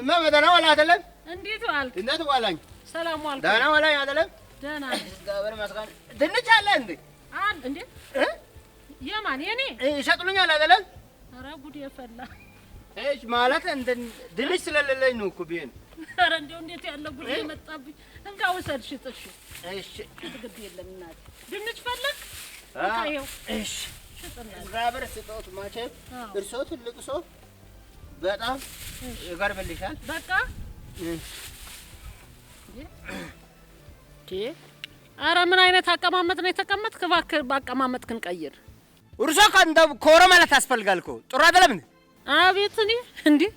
እማ በደህና ዋላ አይደለም? እንዴት ዋልክ? እንዴት ዋላኝ? ሰላም ዋልክ? ደህና ዋላኝ አይደለም? ደህና እግዚአብሔር ይመስገን። ድንች አለ እንዴ? አለ እንዴ? የማን የኔ? ይሸጥሉኛል አይደለም? ኧረ ጉድ የፈላ እሺ። ማለት ድንች ስለሌለኝ ነው እኮ ብዬሽ ነው። ኧረ እንደው እንዴት ያለ ጉድ የመጣብኝ! እንደው ውሰድ፣ ሽጥ። እሺ፣ እሺ፣ ግድ የለም እናቴ። ድንች ፈለግ? እሺ እግዚአብሔር ስጦት ትልቅ ሰው በጣም በቃ ምን አይነት አቀማመጥ ነው የተቀመጥክ? እባክህ አቀማመጥክን ቀይር። ማለት ያስፈልጋል እኮ ጥሩ አቤት እኔ እንዲህ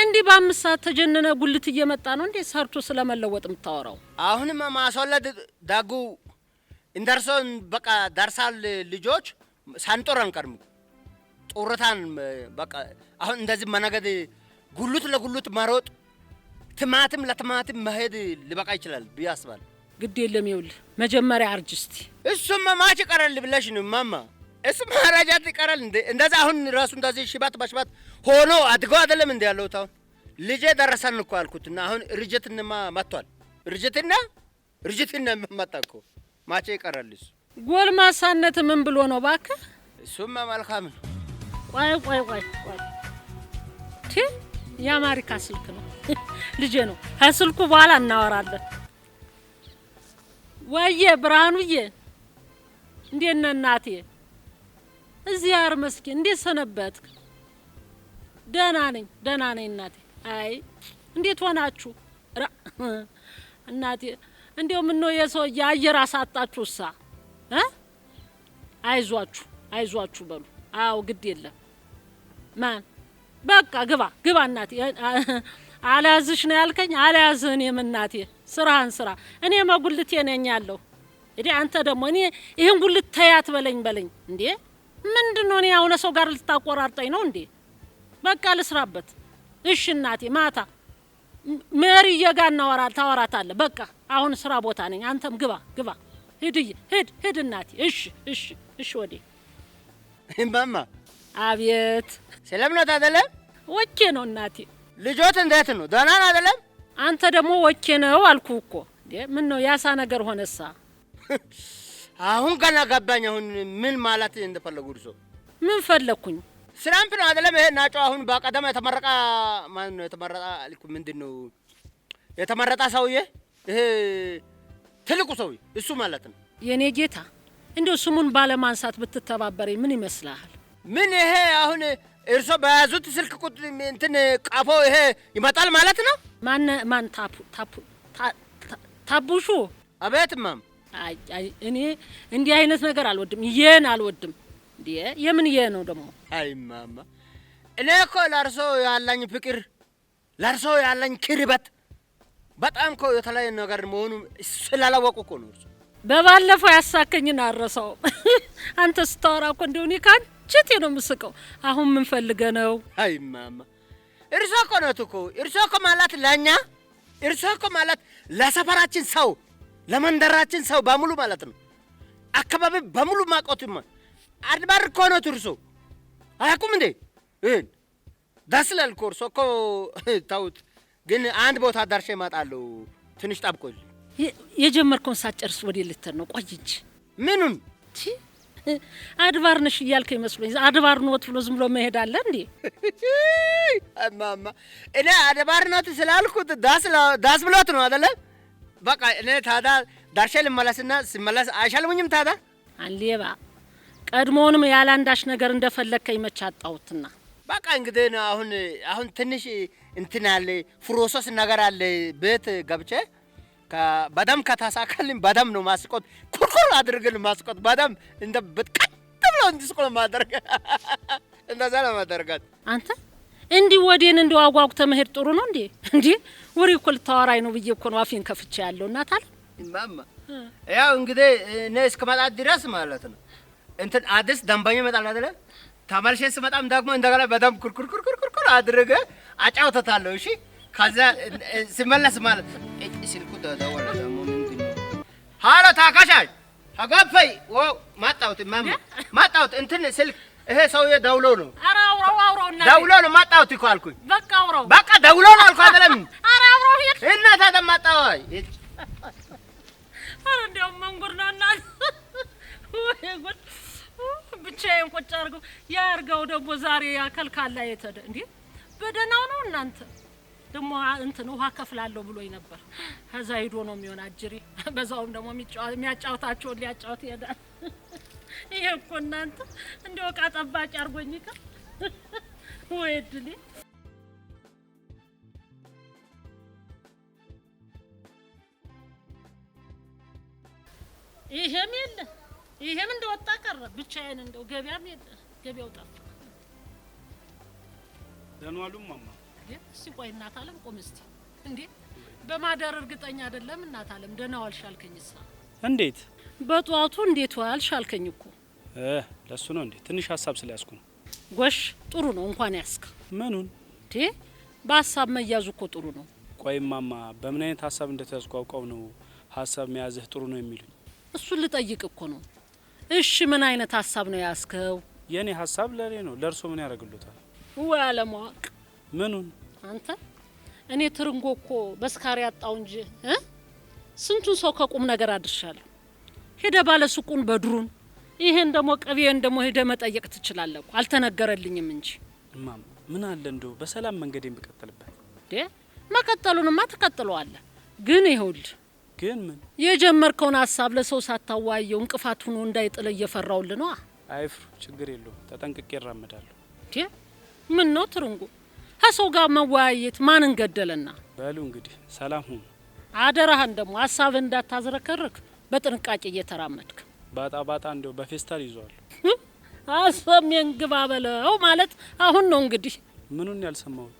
እንዲህ በአምስት ሰዓት ተጀነነ ጉልት እየመጣ ነው እንዴ ሰርቶ ስለመለወጥ የምታወራው? አሁንም ማስወለድ ዳጉ እንደርሶን በቃ ልጆች ሳንጦር አንቀርም። ጡረታን በቃ አሁን እንደዚህ መነገድ ጉሉት ለጉሉት መሮጥ ትማትም ለትማትም መሄድ ሊበቃ ይችላል ብዬ አስባለሁ። ግድ የለም ይውል መጀመሪያ አርጅ እስቲ። እሱማ ማች ይቀራል ብለሽ ነው ማማ፣ እሱ ማራጃት ይቀራል እንዴ? እንደዛ አሁን ራሱ እንደዚህ ሽባት በሽባት ሆኖ አድገው አይደለም እንዴ ያለሁት? አሁን ልጄ ደረሰን እኮ አልኩትና አሁን ርጅትንማ መጥቷል። ርጅትና ርጅትና መጣ እኮ ማቼ ይቀራል እሱ ጎልማሳነት ምን ብሎ ነው ባከ? እሱማ መልካም ነው። ቆይ ቆይ ቆይ ቲ የአማሪካ ስልክ ነው ልጄ ነው። ከስልኩ በኋላ እናወራለን። ወየ ብርሃኑዬ፣ እንዴት ነህ እናቴ? እዚህ ያር መስኪ እንዴት ሰነበት? ደህና ነኝ ደህና ነኝ እናቴ። አይ እንዴት ሆናችሁ እናቴ? እንዲያው ምነው የሰውዬ አየር አሳጣችሁሳ? አይዟችሁ አይዟችሁ በሉ። አዎ ግድ የለም ማን በቃ ግባ ግባ እናቴ። አልያዝሽ ነው ያልከኝ፣ አልያዝህ። እኔም እናቴ ስራህን ስራ። እኔ መጉልቴ ነኝ ያለሁ እንዴ። አንተ ደግሞ እኔ ይህን ጉልት ተያት በለኝ በለኝ። እንዴ ምንድን ነው? እኔ የሆነ ሰው ጋር ልታቆራርጠኝ ነው እንዴ? በቃ ልስራበት። እሽ እናቴ። ማታ ሜሪዬ ጋር እናወራ ታወራታለህ። በቃ አሁን ስራ ቦታ ነኝ። አንተም ግባ ግባ። ሂድዬ፣ ሂድ ሂድ እናቴ። እሺ እሺ እሺ። ወዴ እማማ። አቤት። ስለምነት አይደለም ወኬ ነው እናቴ። ልጆት እንዴት ነው? ደህና ነው አይደለም? አንተ ደግሞ ወኬ ነው አልኩ እኮ። ምን ነው ያሳ ነገር ሆነሳ? አሁን ገና ገባኝ። አሁን ምን ማለት እንደፈለጉ እርሶ? ምን ፈለግኩኝ? ስራምፕ ነው አይደለም? ይሄ ናጮ አሁን በቀደም የተመረቀ ማን ነው የተመረቀ? ምንድን ነው የተመረጠ ሰውዬ ይሄ ትልቁ ሰው እሱ ማለት ነው። የእኔ ጌታ እንደው ስሙን ባለማንሳት ብትተባበረኝ ምን ይመስልሃል? ምን ይሄ አሁን እርሶ በያዙት ስልክ ቁጥር እንትን ቀፎ ይሄ ይመጣል ማለት ነው? ማን ማን? ታፑ ታፑ ታቡሹ። አቤት ማም። እኔ እንዲህ አይነት ነገር አልወድም፣ ይሄን አልወድም። እንዴ የምን ይሄ ነው ደግሞ? አይ ማማ፣ እኔ እኮ ለእርሶ ያለኝ ፍቅር፣ ለእርሶ ያለኝ ክርበት በጣም እኮ የተለያየ ነገር መሆኑ ስላላወቁ እኮ ነው። እርሱ በባለፈው ያሳከኝን አረሳውም። አንተ ስታወራ እኮ እንደሆነ ካንቺቴ ነው የምስቀው። አሁን ምን ፈልገ ነው? አይ ማማ እርሶ እኮ ነው እኮ እርሶ እኮ ማለት ለእኛ እርሶ እኮ ማለት ለሰፈራችን ሰው ለመንደራችን ሰው በሙሉ ማለት ነው። አካባቢ በሙሉ ማቆትማ አድባር እኮ ነው እርሶ። አያውቁም እንዴ? ደስ ይላል እኮ እርሶ እኮ ታውት ግን አንድ ቦታ አዳርሼ እመጣለሁ። ትንሽ ጠብቆኝ። የጀመርከውን ሳጨርስ ወደ ልትሄድ ነው? ቆይ እንጂ ምኑን አድባር ነሽ እያልከኝ መስሎኝ። አድባር ኖት ብሎ ዝም ብሎ መሄድ አለ እንዴ? እማማ እኔ አድባር ኖት ስላልኩት ዳስ ብሎት ነው አደለ? በቃ እኔ ታዳ ዳርሼ ልመለስና ስመለስ አይሻልሙኝም? ታዳ አሌባ ቀድሞውንም ያለ አንዳች ነገር እንደፈለግከኝ መች በቃ እንግዲህ አሁን አሁን ትንሽ እንትን አለ ፍሮሶስ ነገር አለ። ቤት ገብቼ በደም ከታሳካልኝ በደም ነው ማስቆት ኩርኩር አድርግል ማስቆት በደም እንደ ብትቀጥ ብለው እንዲስቆ ማደርግ እንደዛ ለማደርጋት አንተ እንዲህ ወዴን እንዲህ አጓጉተ መሄድ ጥሩ ነው እንዴ? እንዲህ ወሬ እኮ ልታወራኝ ነው ብዬ እኮ ነው አፌን ከፍቼ ያለው እናት አለ ማማ። ያው እንግዲህ እኔ እስክመጣት ድረስ ማለት ነው እንትን አዲስ ደንበኛ ይመጣል አይደለ ተመልሼ ስመጣም ደግሞ እንደገና በደንብ ኩርኩርኩርኩርኩር አድርገ አጫውተታለሁ። እሺ፣ ከዛ ሲመለስ ማለት ስልኩ ተደወለ። ደግሞ ምንድን ነው? ሀሎ ወ ማጣውት ማማ ማጣውት እንትን ስልክ ይሄ ሰውዬ ደውሎ ነው። ኧረ አውራው አውራው እና ደውሎ ነው ማጣውት እኮ አልኩኝ። በቃ አውራው በቃ ደውሎ ነው አልኩ አይደለም። ኧረ አውራው ሄድ እና ኧረ መንጉር ነው እና ወይ ጉድ ብቻዬን ቁጭ አድርገው ያርጋው ደግሞ ዛሬ ያከልካላ የተደ እንዴ በደህናው ነው እናንተ ደግሞ እንትን ውሃ ከፍላለሁ ብሎኝ ነበር። ከዛ ሂዶ ነው የሚሆን አጅሪ በዛውም ደግሞ የሚያጫውታቸውን ሊያጫውት ይሄዳል። ይሄ እኮ እናንተ እንደ ዕቃ ጠባቂ አርጎኝ ከ ወይ እድሌ። ይሄም የለ ይሄም እንደወጣ ቀረ። ብቻዬን እንደው ገበያም የለ፣ ገበያው ጠፋ። ደህና ዋሉ እማማ። እስኪ ቆይ እናት አለም ቁም እስኪ። እንዴ በማደር እርግጠኛ አይደለም እናት አለም። ደህና ዋልሽ አልከኝሳ። እንዴት በጠዋቱ እንዴት ዋልሽ አልከኝ እኮ እ ለሱ ነው እንዴ? ትንሽ ሀሳብ ስለያዝኩ ነው። ጎሽ ጥሩ ነው እንኳን ያስከ ምኑን እንዴ? በሀሳብ መያዙ እኮ ጥሩ ነው። ቆይ ማማ በምን አይነት ሀሳብ እንደተያዝኩ አውቀው ነው ሀሳብ መያዝህ ጥሩ ነው የሚሉኝ? እሱን ልጠይቅ እኮ ነው እሺ ምን አይነት ሀሳብ ነው ያስከው? የኔ ሀሳብ ለኔ ነው። ለእርሶ ምን ያደርግሉታል? ወይ አለማወቅ። ምኑን? አንተ እኔ ትርንጎ እኮ በስካሪ ያጣው እንጂ ስንቱን ሰው ከቁም ነገር አድርሻለሁ። ሄደ ባለ ሱቁን በድሩን ይሄን ደግሞ ቅቤን ደግሞ ሄደ መጠየቅ ትችላለሁ አልተነገረልኝም እንጂ እማማ ምን አለ እንደው በሰላም መንገዴን ብቀጥልበት። መቀጠሉንማ ትቀጥለዋለህ ግን ይኸውልህ ግን ምን የጀመርከውን ሀሳብ ለሰው ሳታዋየው እንቅፋት ሆኖ እንዳይጥለ እየፈራውል ነው። አይፍሩ፣ ችግር የለውም ተጠንቅቄ እራመዳለሁ። ምን ነው ትርንጉ፣ ከሰው ጋር መወያየት ማንን ገደለና? በሉ እንግዲህ ሰላም ሁኑ። አደራህን ደግሞ ሀሳብህ እንዳታዝረከርክ በጥንቃቄ እየተራመድክ ባጣ ባጣ እንደው በፌስታል ይዟል። አሰሜን ግባ በለው ማለት አሁን ነው እንግዲህ። ምኑን ያልሰማሁት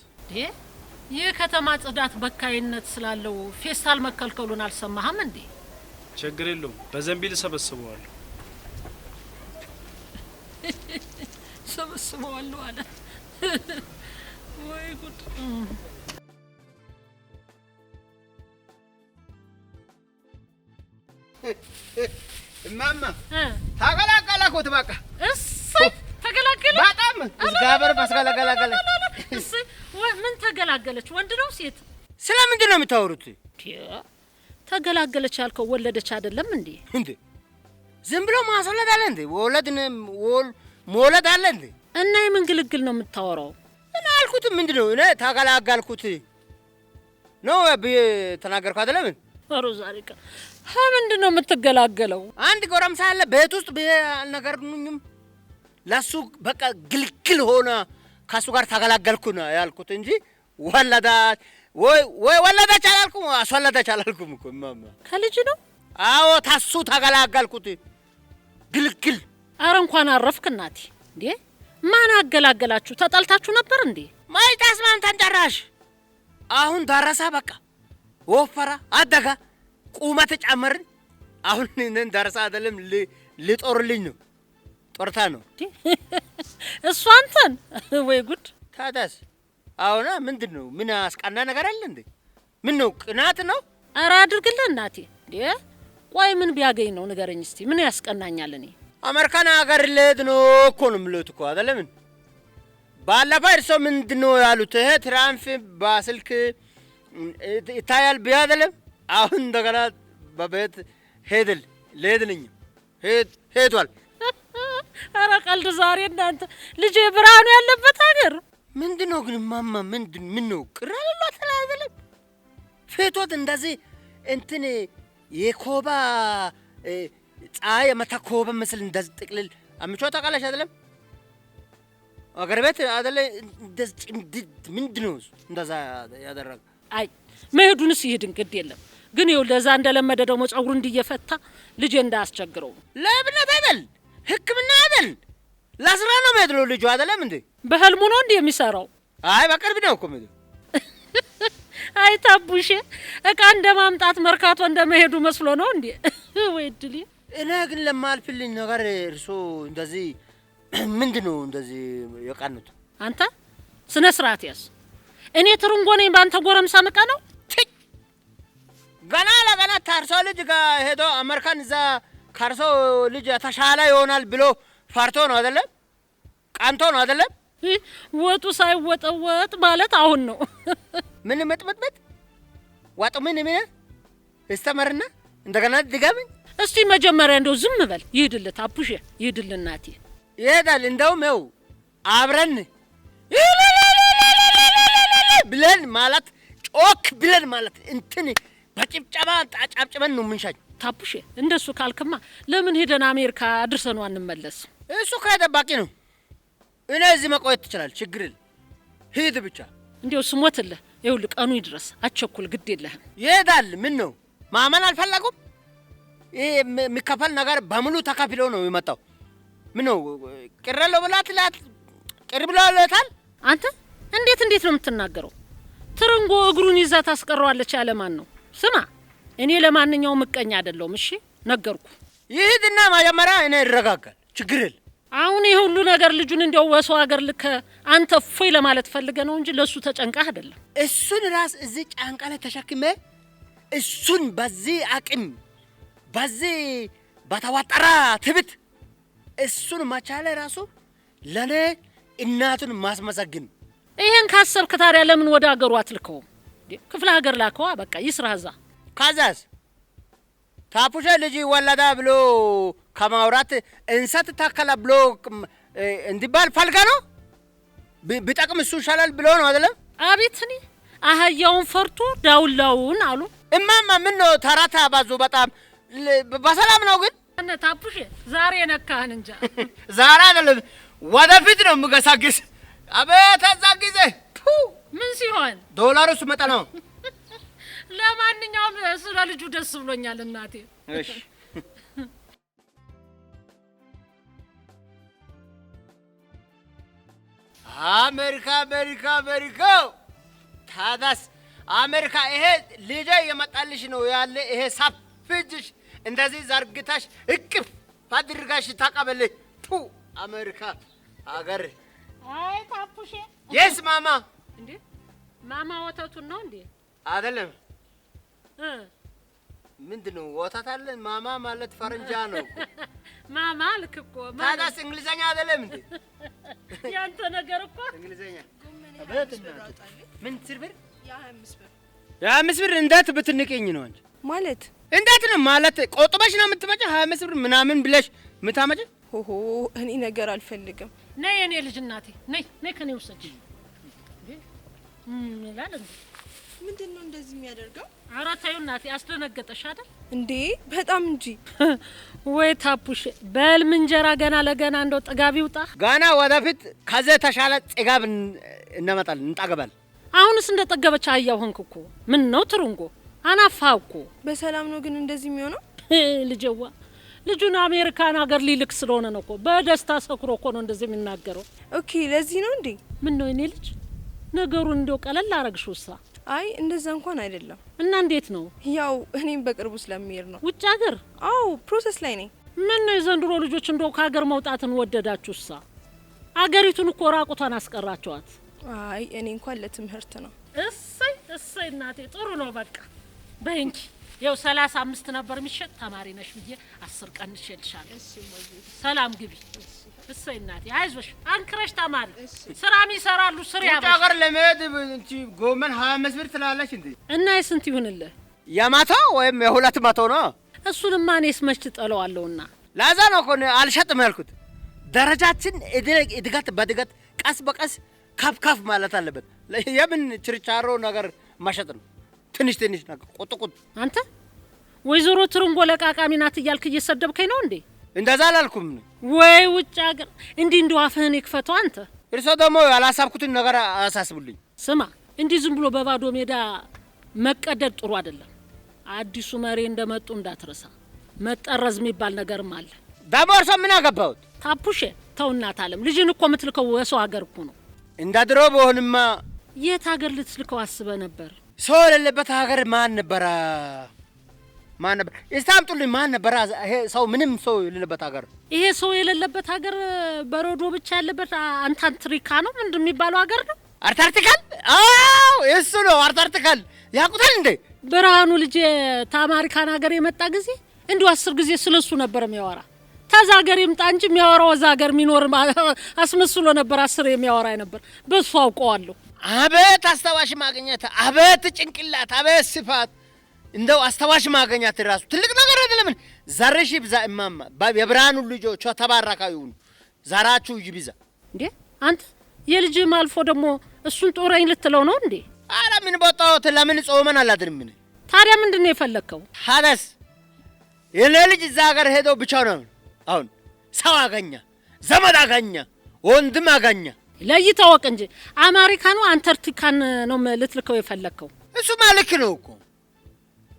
ይህ ከተማ ጽዳት በካይነት ስላለው ፌስታል መከልከሉን አልሰማህም እንዴ? ችግር የለውም በዘንቢል ሰበስበዋለሁ። ሰበስበዋለሁ አለ። ወይ ጉድ! እማማ ታቀላቀላኮት በቃ እሰይ ተገላገለች። በጣም እግዚአብሔር ይመስገን ተገላገለች። ምን ተገላገለች? ወንድ ነው ሴት? ስለምንድን ነው የምታወሩት? ተገላገለች ያልከው ወለደች አይደለም እንዴ? እንዴ ዝም ብሎ ማስወለድ አለ እንዴ? ወለድን ወል መውለድ አለ እንዴ? እና የምን ግልግል ነው የምታወራው? እና አልኩት ምንድን ነው እኔ ተገላገልኩት ነው ተናገርኩ አይደለም ሮ ዛሬ ምንድን ነው የምትገላገለው? አንድ ጎረምሳ አለ ቤት ውስጥ ነገር ለሱ በቃ ግልግል ሆነ። ከሱ ጋር ተገላገልኩ ነው ያልኩት እንጂ ወለዳች ወይ ወይ ወለዳች አላልኩም፣ አስወለዳች አላልኩም እኮ እማማ ከልጅ ነው። አዎ ታሱ ተገላገልኩት። ግልግል አረ እንኳን አረፍክ እናቴ። እንዴ ማን አገላገላችሁ? ተጣልታችሁ ነበር እንዴ? ማይጣስ ማን ተንጨራሽ። አሁን ደረሰ። በቃ ወፈራ፣ አደጋ፣ ቁመት ጨመርን። አሁን እኔን ደረሰ አይደለም ልጦርልኝ ነው ጦርታ ነው እሱ። አንተን ወይ ጉድ! ታዳስ አሁና ምንድን ነው? ምን አስቃና ነገር አለ እንዴ? ምን ነው ቅናት ነው? ኧረ አድርግልህ እናቴ። እንዴ ቆይ ምን ቢያገኝ ነው ንገረኝ እስቲ። ምን ያስቀናኛል? እኔ አሜሪካን ሀገር ልሄድ ነው እኮ ነው የምልህ እኮ አይደለ? ምን ባለፈው እርሶ ምንድን ነው ያሉት? ትራምፕ በስልክ ይታያል ብዬ አይደለም? አሁን እንደገና በቤት ሄድል ልሄድ ነኝ ሄዷል ኧረ ቀልድ ዛሬ እናንተ ልጅ ብርሃኑ ያለበት ሀገር ምንድን ነው ግን ማማ? ምንድን ምን ነው ቅር አለሏት አላለም ፌቶት እንደዚህ እንትን የኮባ ፀሐይ መታ ኮባ ምስል እንደዚህ ጥቅልል አምቿ ታውቃለች አይደለም? አገር ቤት አደለ እንደዚህ ጭምድድ ምንድን ነው እንደዛ ያደረገ? አይ መሄዱንስ ይሄድን ግድ የለም ግን ይኸውልህ፣ ለዛ እንደለመደ ደግሞ ጸጉሩ እንዲየፈታ ልጄ እንዳያስቸግረው ለብነት አይበል ህክምና አይደል? ለስራ ነው የሚሄድለው ልጁ አይደለም እንዴ? በህልሙ ነው እንዴ የሚሰራው? አይ በቅርብ ነው እኮ ምድ አይ ታቡሽ እቃ እንደ ማምጣት መርካቶ እንደ መሄዱ መስሎ ነው እንዴ? ወይ ድል። እኔ ግን ለማልፍልኝ ነገር እርሶ እንደዚህ ምንድን ነው እንደዚህ የቀኑት? አንተ ስነ ስርዓት ያዝ። እኔ ትርንጎ ነኝ፣ በአንተ ጎረምሳ ምቃ ነው ገና ለገና ታርሶ ልጅ ጋር ሄዶ አሜሪካን እዛ ከእርሶ ልጅ የተሻለ ይሆናል ብሎ ፈርቶ ነው አይደለም? ቀንቶ ነው አይደለም? ወጡ ሳይወጠወጥ ማለት አሁን ነው። ምን መጥመጥመጥ ወጡ? ምን ምን እስተመርና እንደገና ድጋምኝ እስቲ። መጀመሪያ እንደው ዝም በል ይሄድልህ፣ አቡሽ ይሄድልህ፣ እናቴ ይሄዳል። እንደውም ያው አብረን ብለን ማለት ጮክ ብለን ማለት እንትን በጭብጨባ ጣጫብጭበን ነው የምንሻኝ ታፑሽ እንደሱ ካልክማ ለምን ሄደን አሜሪካ አድርሰን አንመለስ? እሱ ጠባቂ ነው። እኔ እዚህ መቆየት ትችላል፣ ችግር የለም። ሂድ ብቻ። እንዲው ስሞትልህ፣ ይኸውልህ ቀኑ ይድረስ፣ አቸኩል፣ ግድ የለህም። ይሄዳል። ምን ነው ማመን አልፈለጉም? ይሄ የሚከፈል ነገር በሙሉ ተከፍሎ ነው የመጣው። ምን ነው ቅረለው ብላት ላት ቅር ብለለታል። አንተ እንዴት እንዴት ነው የምትናገረው? ትርንጎ እግሩን ይዛ ታስቀረዋለች ያለማን ነው? ስማ እኔ ለማንኛውም ምቀኛ አይደለሁም። እሺ ነገርኩ። ይሄድና መጀመሪያ እኔ ይረጋጋል፣ ችግር የለም። አሁን ይህ ሁሉ ነገር ልጁን እንዲያው በሰው ሀገር ልከ አንተ ፎይ ለማለት ፈልገ ነው እንጂ ለእሱ ተጨንቃህ አይደለም። እሱን ራስ እዚህ ጫንቃ ላይ ተሸክመ እሱን በዚህ አቅም በዚህ በተዋጠራ ትብት እሱን መቻለ ራሱ ለእኔ እናቱን ማስመሰግን። ይህን ካሰብክ ታዲያ ለምን ወደ ሀገሩ አትልከውም? ክፍለ ሀገር ላከዋ፣ በቃ ይስራ እዛ ካዛስ ታፑሸ ልጅ ይወለዳ ብሎ ከማውራት እንሰት ታከላ ብሎ እንዲባል ፈልጋ ነው ቢጠቅም እሱ ይሻላል ብሎ ነው አይደለም? አቤት እኔ አህያውን ፈርቶ ዳውላውን አሉ። እማማ ምን ነው ተራታ ባዙ በጣም በሰላም ነው ግን እነ ታፑሽ ዛሬ ነካህን እንጃ። ዛሬ አይደለም ወደፊት ነው የምገሳግስ። አቤት እዛ ጊዜ ምን ሲሆን ዶላሩ ሲመጣ ነው ለማንኛውም ስለ ልጁ ደስ ብሎኛል እናቴ። እሺ አሜሪካ አሜሪካ አሜሪካ ታዳስ አሜሪካ ይሄ ልጄ የመጣልሽ ነው ያለ ይሄ ሳፍጅሽ እንደዚህ ዘርግታሽ እቅፍ አድርጋሽ ታቀበልሽ። ቱ አሜሪካ አገር። አይ ታፑሽ የስ ማማ እንዴ ማማ ወተቱን ነው እንዴ? አይደለም ምንድነው ነው ወተት አለ? ማማ ማለት ፈረንጃ ነው። ማማ ልክ እኮ ታዲያስ፣ እንግሊዘኛ አይደለም እንዴ ያንተ ነገር? እኮ እንግሊዘኛ ምን ብር የሀያ አምስት ብር እንዴት ብትንቅኝ ነው አንቺ? ማለት እንዴት ነው ማለት? ቆጥበሽ ነው የምትመጪ? ሀያ አምስት ብር ምናምን ብለሽ ምታመጪ? ሆሆ እኔ ነገር አልፈልግም። ነይ የኔ ልጅ እናቴ፣ ነይ ነይ፣ ከኔ ውሰጂ ይላል እንዴ ምንድን ነው እንደዚህ የሚያደርገው? ኧረ ተይው እናቴ፣ አስደነገጠሽ አይደል እንዴ? በጣም እንጂ። ወይ ታፑሽ፣ በህልም እንጀራ ገና ለገና እንደው ጥጋብ ይውጣ። ገና ወደፊት ከዚህ የተሻለ ጥጋብ እናመጣለን፣ እንጠግባል። አሁንስ እንደ ጠገበች አህያ ሆንክ እኮ። ምን ነው ትርንጎ አናፋ እኮ። በሰላም ነው ግን እንደዚህ የሚሆነው? ልጀዋ ልጁን አሜሪካን ሀገር ሊልክ ስለሆነ ነው እኮ። በደስታ ሰክሮ እኮ ነው እንደዚህ የሚናገረው። ኦኬ፣ ለዚህ ነው እንዴ? ምን ነው የኔ ልጅ ነገሩ እንደው ቀለል አረግሽ ውሳ አይ እንደዛ እንኳን አይደለም። እና እንዴት ነው? ያው እኔም በቅርቡ ስለሚሄድ ነው። ውጭ ሀገር? አዎ ፕሮሰስ ላይ ነኝ። ምን ነው የዘንድሮ ልጆች እንደው ከሀገር መውጣትን ወደዳችሁሳ? አገሪቱን እኮ ራቁቷን አስቀራቸዋት። አይ እኔ እንኳን ለትምህርት ነው። እሰይ እሰይ እናቴ ጥሩ ነው። በቃ በይ እንጂ ይኸው ሰላሳ አምስት ነበር የሚሸጥ ተማሪ ነሽ ብዬ አስር ቀን እልሻለሁ። ሰላም ግቢ። እሰይ እናቴ አይዞሽ፣ አንክረሽ ተማሪ። ስራም ይሰራሉ። ስር ያባር ለመሄድ እንቺ ጎመን ሀያ አምስት ብር ትላለች እንዴ! እና የስንት ይሁንልህ? የመቶ ወይም የሁለት መቶ ነው። እሱንማ እኔስ መች ትጠለዋለሁና፣ ለዛ ነው እኮ አልሸጥም ያልኩት። ደረጃችን እድገት በድገት ቀስ በቀስ ከፍ ከፍ ማለት አለበት። የምን ችርቻሮ ነገር መሸጥ ነው ትንሽ ትንሽ ነገር ቁጥ ቁጥ አንተ ወይዘሮ ትርንጎ ለቃቃሚ ናት እያልክ እየሰደብከኝ ነው እንዴ? እንደዛ አላልኩም። ወይ ውጭ ሀገር እንዲህ እንደው አፍህን ይክፈቱ አንተ። እርሶ ደግሞ ያላሳብኩትን ነገር አያሳስቡልኝ። ስማ፣ እንዲህ ዝም ብሎ በባዶ ሜዳ መቀደድ ጥሩ አይደለም። አዲሱ መሪ እንደመጡ እንዳትረሳ። መጠረዝ የሚባል ነገርም አለ። ደግሞ እርሶ ምን አገባሁት? ታፑሼ ተውናት አለም። ልጅን እኮ የምትልከው የሰው ሀገር እኮ ነው። እንዳድሮ በሆንማ የት ሀገር ልትልከው አስበ ነበር? ሰው የሌለበት ሀገር ማን ነበረ? ማን ነበር? እስቲ አምጡልኝ። ማን ነበረ? ይሄ ሰው ምንም ሰው የሌለበት ሀገር። ይሄ ሰው የሌለበት ሀገር በረዶ ብቻ ያለበት አንታንትሪካ ነው ምንድን የሚባለው ሀገር ነው? አንታርክቲካል። አዎ እሱ ነው አንታርክቲካል። ያውቁታል እንዴ? ብርሃኑ ልጅ ታማሪካን ሀገር የመጣ ጊዜ እንዲሁ አስር ጊዜ ስለሱ ነበር የሚያወራ ከዛ ሀገር ይምጣ እንጂ የሚያወራው እዛ ሀገር የሚኖር አስመስሎ ነበር አስር የሚያወራ ነበር። በሱ አውቀዋለሁ። አቤት አስታዋሽ ማግኘት፣ አቤት ጭንቅላት፣ አቤት ስፋት። እንደው አስታዋሽ ማግኘት ራሱ ትልቅ ነገር አይደለም። ዘርሽ ይብዛ እማማ፣ የብርሃኑ ልጆቿ ተባረካ ይሁኑ፣ ዘራችሁ ይብዛ። እንዴ አንተ የልጅም አልፎ ደግሞ እሱን ጦረኝ ልትለው ነው እንዴ? አረ ምን ቦታዎት? ለምን ጾመን አላድርም? ምን ታዲያ ምንድን ነው የፈለግከው? ታዲያስ የኔ ልጅ እዛ ሀገር ሄዶ ብቻ ነው አሁን ሰው አገኛ፣ ዘመድ አገኛ፣ ወንድም አገኛ ለይታወቅ እንጂ አሜሪካኑ አንተርክቲካን ነው ልትልከው የፈለግከው? እሱ ልክ ነው እኮ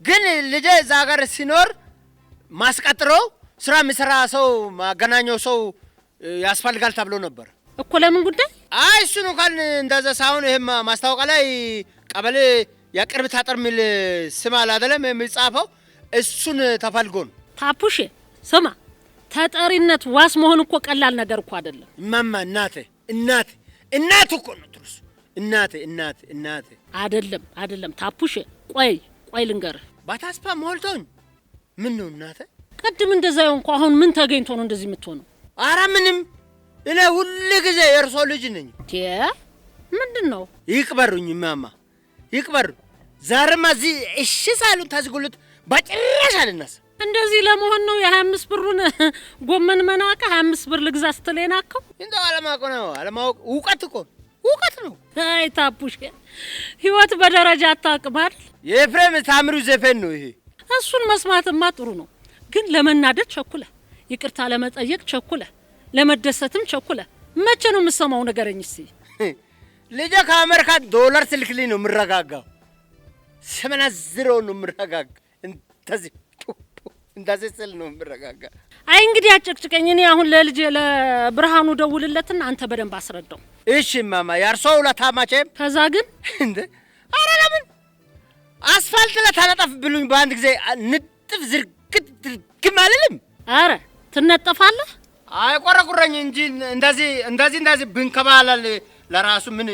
ግን ልጄ እዛ ሀገር ሲኖር ማስቀጥሮ ስራ የሚሰራ ሰው ማገናኘው ሰው ያስፈልጋል ተብሎ ነበር እኮ። ለምን ጉዳይ? አይ እሱ ነው ካል እንደዛ ሳይሆን ይሄ ማስታወቂያ ላይ ቀበሌ የቅርብ ታጠር የሚል ስም አለ አይደለም የሚጻፈው፣ እሱን ተፈልጎን። ታፑሽ ስማ፣ ተጠሪነት ዋስ መሆን እኮ ቀላል ነገር እኮ አይደለም። እማማ እናቴ እናት እናት እኮ ነው ትሩስ እናት እናት እናት አይደለም አይደለም። ታፑሽ ቆይ ቆይ ልንገርህ። ባታስፓ ሞልቶኝ ምን ነው እናተ ቅድም እንደዛ ይሆንኩ። አሁን ምን ተገኝቶ ነው እንደዚህ የምትሆነው? አረ ምንም። እኔ ሁል ጊዜ የእርሶ ልጅ ነኝ። ምንድን ነው? ይቅበሩኝ ማማ ይቅበሩ። ዛሬማ እዚህ እሺ ሳሉን ታዝጉሉት በጭራሽ አልናስ እንደዚህ ለመሆን ነው የ25 ብሩን ጎመን መናቀ 25 ብር ልግዛ ስትል የናቀው እንደው አለማወቅ ነው። አለማወቅ እውቀት እኮ እውቀት ነው። አይ ታፑሽ ህይወት በደረጃ አታውቅም አይደል? የኤፍሬም ታምሩ ዘፈን ነው ይሄ። እሱን መስማትማ ጥሩ ነው፣ ግን ለመናደድ ቸኩለ፣ ይቅርታ ለመጠየቅ ቸኩለ፣ ለመደሰትም ቸኩለ። መቼ ነው የምሰማው? ንገረኝ እስኪ። ልጄ ከአሜሪካ ዶላር ስልክልኝ ነው የምረጋጋው። ስመነዝረው ነው የምረጋጋ እንተዚህ እንደዚህ ስል ነው የምረጋጋ። አይ እንግዲህ አጨቅጭቀኝ። እኔ አሁን ለልጅ ለብርሃኑ ደውልለትና አንተ በደንብ አስረዳው። እሺ ማማ፣ ያርሶ ውለታ መቼም። ከዛ ግን እንደ ኧረ ለምን አስፋልት ለታነጠፍ ብሉኝ በአንድ ጊዜ ንጥፍ ዝርግት ድርግም አልልም። አረ ትነጠፋለህ። አይ ቆረቁረኝ እንጂ እንደዚህ እንደዚህ እንደዚህ ብንከባላል ለራሱ ምን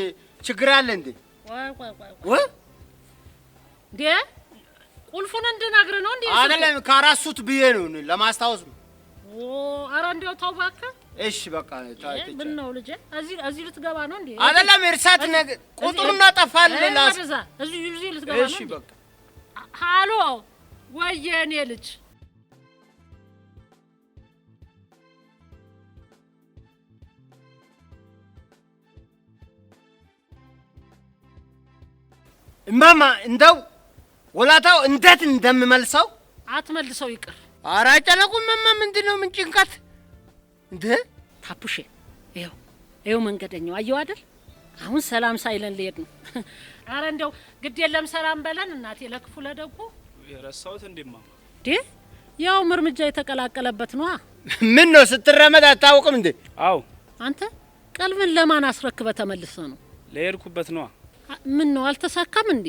ችግር አለ እንዴ? ወይ ወይ ወይ ቁልፉን እንድነግር ነው እንዴ? አይደለም ካራሱት ብዬ ነው ለማስታወስ ነው። ኦ ኧረ እንደው ተው እባክህ። እሺ በቃ ታይት ምን ነው ልጄ፣ እዚህ እዚህ ልትገባ ነው እንዴ? አይደለም እርሳት ነገ ቁጥሩን እናጠፋል። ላስ እዚህ እዚህ ልትገባ ነው። እሺ በቃ ሃሎ፣ ወየኔ ልጅ እማማ እንደው ወላታው እንዴት እንደምመልሰው አትመልሰው ይቅር። ኧረ አይጨነቁም እማ፣ ምንድን ነው ምን ጭንቀት እንደ ታፑሼ። ይኸው ይኸው መንገደኛው አየው አይደል? አሁን ሰላም ሳይለን ሊሄድ ነው። አረ እንደው ግድ የለም ሰላም በለን እናቴ። ለክፉ ለደጉ የረሳሁት እንዴማ ዴ ያውም እርምጃ የተቀላቀለበት ነዋ። ምን ነው ስትረመድ አታውቅም እንዴ? አው አንተ ቀልብን ለማን አስረክበ ተመልሰ ነው ለሄድኩበት ነዋ። ምን ነው አልተሳካም እንዴ?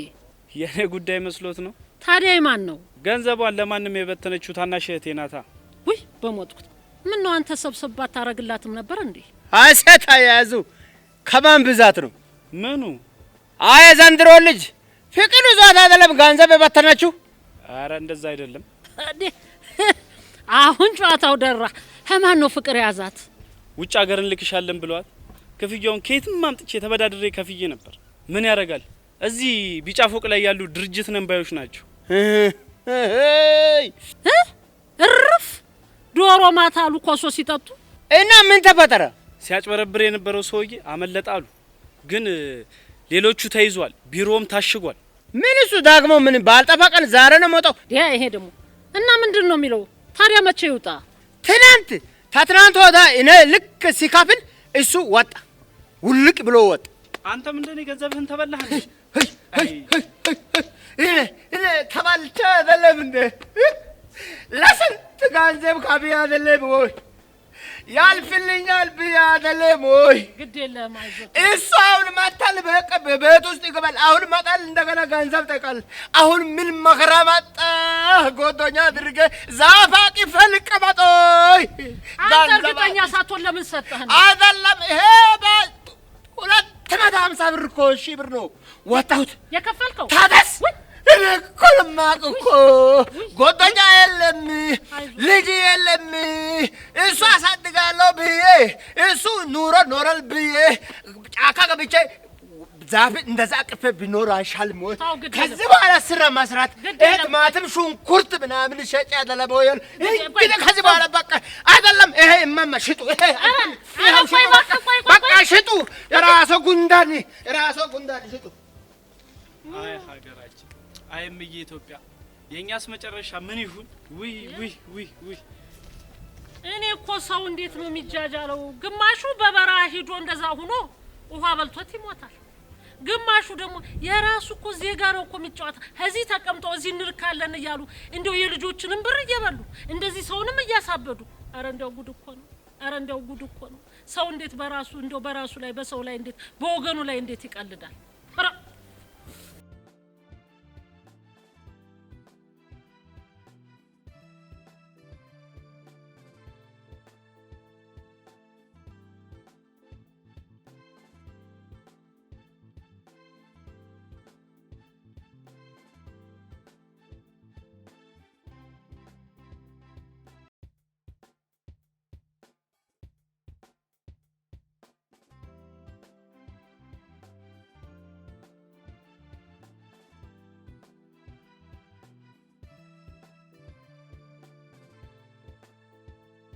የኔ ጉዳይ መስሎት ነው። ታዲያ ማን ነው? ገንዘቧን ለማንም የበተነችው ታናሽ እህቴ ናታ። ውይ በሞትኩት! ምን ነው አንተ ሰብሰብ ባታረግላትም ነበር እንዴ? አሴት አያያዙ ከማን ብዛት ነው ምኑ? አይ ዘንድሮ ልጅ ፍቅር ይዟት አይደለም ገንዘብ የበተነችው። አረ እንደዛ አይደለም። አሁን ጨዋታው ደራ። ከማን ነው ፍቅር የያዛት? ውጭ ሀገርን ልክሻለን ብለዋል። ክፍያውን ከየትም አምጥቼ ተበዳድሬ ከፍዬ ነበር። ምን ያደርጋል እዚህ ቢጫ ፎቅ ላይ ያሉ ድርጅት ነንባዮች ናቸው። እርፍ ዶሮ ማታ አሉ ኮሶ ሲጠጡ እና ምን ተፈጠረ? ሲያጭበረብር የነበረው ሰውዬ አመለጣሉ? አሉ። ግን ሌሎቹ ተይዟል፣ ቢሮውም ታሽጓል። ምን እሱ ዳግሞ ምን ባልጠፋ ዛሬ ነው መውጣው። ይሄ ደግሞ እና ምንድን ነው የሚለው ታዲያ? መቼ ይውጣ? ትናንት ታትናንት ወዳ እኔ ልክ ሲካፍል እሱ ወጣ፣ ውልቅ ብሎ ወጣ። አንተ ምንድን ገንዘብህን ተበላህ። ተባልቼ አይደለም እንደ ለስንት ገንዘብ ከብዬ አይደለም ወይ ያልፍልኛል ብዬ አይደለም ወይ እሱ አሁን መጣል በቃ በቤት ውስጥ ይገባል። አሁን መጣል እንደገና ገንዘብ ጠቃል። አሁን ምን መከራ መጣ ጎዶኛ አድርጌ ዛፍ አቅፌ ልቀመጥ አንተ እርግጠኛ ሳትሆን ለምን ሰጠህ? አይደለም ይሄ ሁለት ትናንት አምሳ ብር እኮ ሺ ብር ነው ወጣሁት የከፈልከው። ታበስ እኮልማቅ እኮ ጎጠኛ የለም ልጅ የለም። እሱ አሳድጋለሁ ብዬ እሱ ኑሮ ኖረል ብዬ ጫካ ገብቼ ዛፍ እንደዛ አቅፌ ቢኖር አይሻል ሞት። ከዚህ በኋላ ስራ መስራት ቲማቲም፣ ሽንኩርት ምናምን ሸጭ ያለ በወል እንግዲህ ከዚህ በኋላ በቃ አይደለም። ይሄ እማማ ሽጡ፣ በቃ ሽጡ። የራሶ ጉንዳን የራሶ ጉንዳን ሽጡ። አይ ሀገራችን፣ አይ እምዬ ኢትዮጵያ፣ የእኛስ መጨረሻ ምን ይሁን? ውይ ውይ ውይ ውይ እኔ እኮ ሰው እንዴት ነው የሚጃጃለው? ግማሹ በበረሃ ሂዶ እንደዛ ሁኖ ውሃ በልቶት ይሞታል። ግማሹ ደግሞ የራሱ እኮ ዜጋ ነው እኮ የሚጫወት እዚህ ተቀምጦ እዚህ እንልካለን እያሉ እንደው የልጆችንም ብር እየበሉ እንደዚህ ሰውንም እያሳበዱ። አረ እንደው ጉድ እኮ ነው። አረ እንደው ጉድ እኮ ነው። ሰው እንዴት በራሱ እንደው በራሱ ላይ በሰው ላይ እንዴት በወገኑ ላይ እንዴት ይቀልዳል?